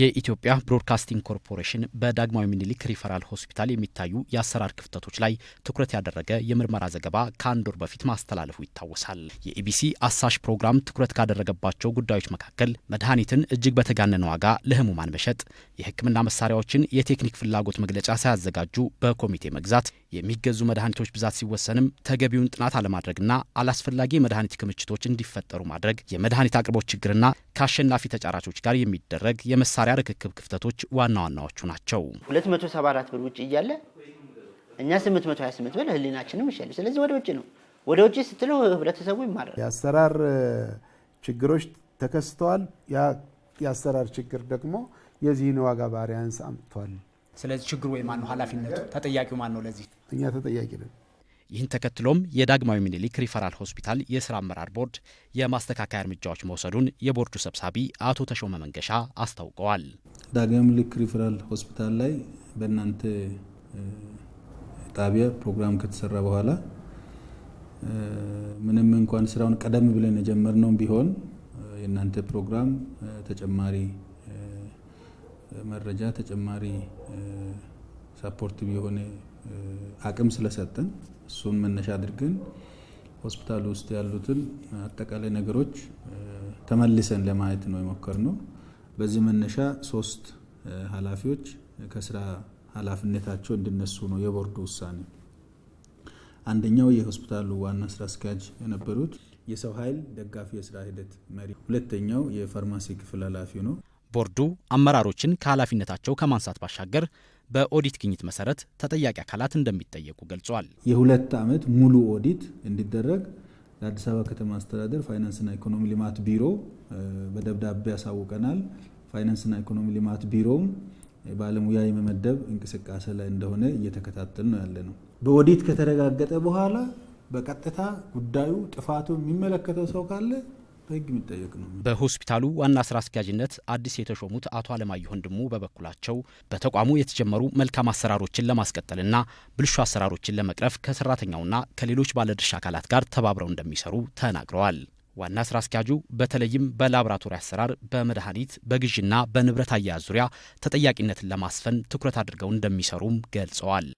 የኢትዮጵያ ብሮድካስቲንግ ኮርፖሬሽን በዳግማዊ ምኒልክ ሪፈራል ሆስፒታል የሚታዩ የአሰራር ክፍተቶች ላይ ትኩረት ያደረገ የምርመራ ዘገባ ከአንድ ወር በፊት ማስተላለፉ ይታወሳል። የኢቢሲ አሳሽ ፕሮግራም ትኩረት ካደረገባቸው ጉዳዮች መካከል መድኃኒትን እጅግ በተጋነነ ዋጋ ለህሙማን መሸጥ፣ የህክምና መሳሪያዎችን የቴክኒክ ፍላጎት መግለጫ ሳያዘጋጁ በኮሚቴ መግዛት፣ የሚገዙ መድኃኒቶች ብዛት ሲወሰንም ተገቢውን ጥናት አለማድረግና አላስፈላጊ የመድኃኒት ክምችቶች እንዲፈጠሩ ማድረግ የመድኃኒት አቅርቦት ችግርና ከአሸናፊ ተጫራቾች ጋር የሚደረግ የመሳሪያ ርክክብ ክፍተቶች ዋና ዋናዎቹ ናቸው። 274 ብር ውጭ እያለ እኛ 828 ብር ህሊናችንም ይሻል። ስለዚህ ወደ ውጭ ነው። ወደ ውጭ ስትል ህብረተሰቡ ይማራል። የአሰራር ችግሮች ተከስተዋል። የአሰራር ችግር ደግሞ የዚህን ዋጋ ባህሪያንስ አምጥቷል። ስለዚህ ችግሩ ወይ ማን ነው? ኃላፊነቱ ተጠያቂው ማን ነው? ለዚህ እኛ ተጠያቂ ነን። ይህን ተከትሎም የዳግማዊ ምኒልክ ሪፈራል ሆስፒታል የስራ አመራር ቦርድ የማስተካከያ እርምጃዎች መውሰዱን የቦርዱ ሰብሳቢ አቶ ተሾመ መንገሻ አስታውቀዋል። ዳግማዊ ምኒልክ ሪፈራል ሆስፒታል ላይ በእናንተ ጣቢያ ፕሮግራም ከተሰራ በኋላ ምንም እንኳን ስራውን ቀደም ብለን የጀመርነው ቢሆን የእናንተ ፕሮግራም ተጨማሪ መረጃ ተጨማሪ ሳፖርቲቭ የሆነ አቅም ስለሰጠን እሱን መነሻ አድርገን ሆስፒታል ውስጥ ያሉትን አጠቃላይ ነገሮች ተመልሰን ለማየት ነው የሞከርነው። በዚህ መነሻ ሶስት ኃላፊዎች ከስራ ኃላፊነታቸው እንዲነሱ ነው የቦርዱ ውሳኔ። አንደኛው የሆስፒታሉ ዋና ስራ አስኪያጅ የነበሩት የሰው ኃይል ደጋፊ የስራ ሂደት መሪ፣ ሁለተኛው የፋርማሲ ክፍል ኃላፊ ነው። ቦርዱ አመራሮችን ከኃላፊነታቸው ከማንሳት ባሻገር በኦዲት ግኝት መሰረት ተጠያቂ አካላት እንደሚጠየቁ ገልጿል። የሁለት ዓመት ሙሉ ኦዲት እንዲደረግ ለአዲስ አበባ ከተማ አስተዳደር ፋይናንስና ኢኮኖሚ ልማት ቢሮ በደብዳቤ ያሳውቀናል። ፋይናንስና ኢኮኖሚ ልማት ቢሮም ባለሙያ የመመደብ እንቅስቃሴ ላይ እንደሆነ እየተከታተል ነው ያለ ነው። በኦዲት ከተረጋገጠ በኋላ በቀጥታ ጉዳዩ ጥፋቱ የሚመለከተው ሰው ካለ በህግ የሚጠየቅ ነው። በሆስፒታሉ ዋና ስራ አስኪያጅነት አዲስ የተሾሙት አቶ አለማየሁ ወንድሙ በበኩላቸው በተቋሙ የተጀመሩ መልካም አሰራሮችን ለማስቀጠልና ብልሹ አሰራሮችን ለመቅረፍ ከሰራተኛውና ከሌሎች ባለድርሻ አካላት ጋር ተባብረው እንደሚሰሩ ተናግረዋል። ዋና ስራ አስኪያጁ በተለይም በላቦራቶሪ አሰራር፣ በመድኃኒት በግዥና በንብረት አያያዝ ዙሪያ ተጠያቂነትን ለማስፈን ትኩረት አድርገው እንደሚሰሩም ገልጸዋል።